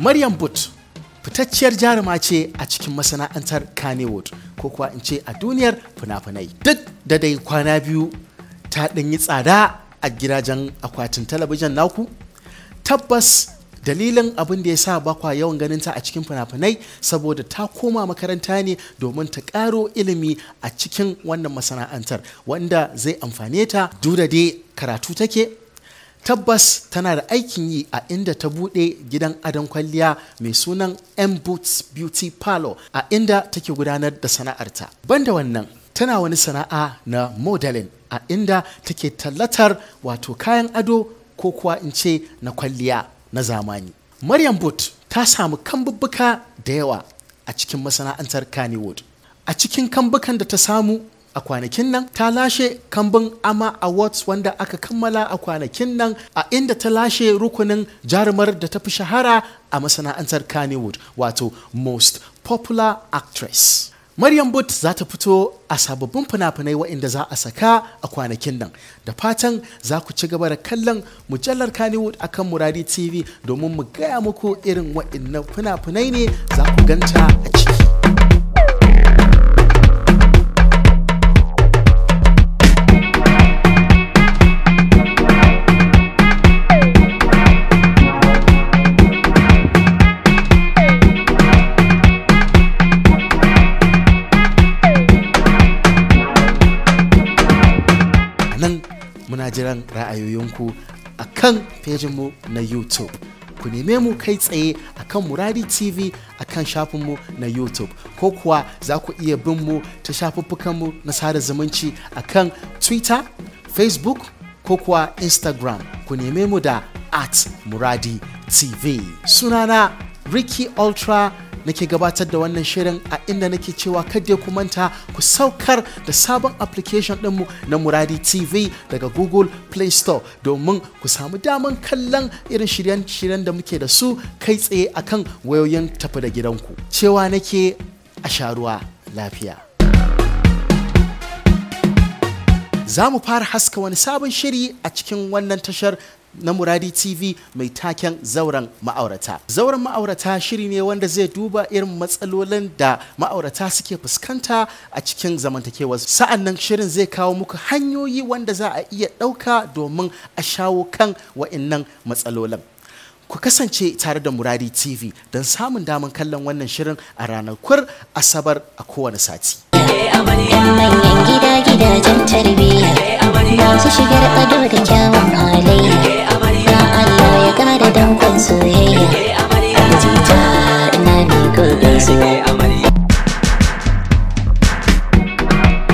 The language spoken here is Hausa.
Maryam But fitacciyar jaruma ce a cikin masana'antar Kannywood ko kuwa in ce a duniyar fina-finai. Duk da dai kwana biyu ta ɗanyi tsada a gidajen akwatin talabijin naku, tabbas dalilin abin da ya sa bakwa yawan ganin ta a cikin fina-finai saboda ta koma makaranta ne domin ta ƙaro ilimi a cikin wannan masana'antar wanda zai amfane ta duk da karatu take tabbas tana da aikin yi a inda ta bude gidan adon kwalliya mai sunan m boots beauty parlor a inda take gudanar da sana'arta banda wannan tana wani sana'a na modelin a inda take tallatar wato kayan ado ko kuwa in ce na kwalliya na zamani maryam boot ta samu kambubbuka da yawa a cikin masana'antar kannywood a cikin kambukan da ta samu a kwanakin nan ta lashe kambun ama awards wanda aka kammala a kwanakin nan a inda ta lashe rukunin jarumar da ta fi shahara a masana'antar kannywood wato most popular actress Maryam Booth za ta fito a sababbin fina-finai waɗanda za a saka a kwanakin nan. Da fatan za ku ci gaba da kallon mujallar Kannywood akan Muradi TV domin mu gaya muku irin waɗannan fina-finai ne za ku ganta a ciki. nan muna jiran ra'ayoyinku a kan mu na youtube ku neme mu kai tsaye a kan muradi tv a kan shafinmu na youtube ko kuwa za ku iya bin mu ta shafuffukanmu na sada zumunci a kan twitter facebook ko kuwa instagram ku neme mu da at muradi tv sunana ricky ultra nake gabatar da wannan shirin a inda nake cewa kada ku manta ku saukar da sabon application ɗinmu na Muradi TV daga Google Play Store domin ku samu daman kallon irin shiryen-shiryen da muke da su kai tsaye akan wayoyin tafi da gidanku. Cewa nake a sharuwa lafiya. za mu fara haska wani sabon shiri a cikin wannan tashar na Muradi TV mai taken zauren ma'aurata. Zauren ma'aurata shiri ne wanda zai duba irin matsalolin da ma'aurata suke fuskanta a cikin zamantakewar. Sa'an nan shirin zai kawo muku hanyoyi wanda za a iya ɗauka domin a shawo kan wa'innan matsalolin. Ku kasance tare da Muradi TV don samun damar kallon wannan shirin a ranakun Asabar a kowane sati. Manyan gida gidajen tarbiyya masu shigar ado da kyawun dai su kai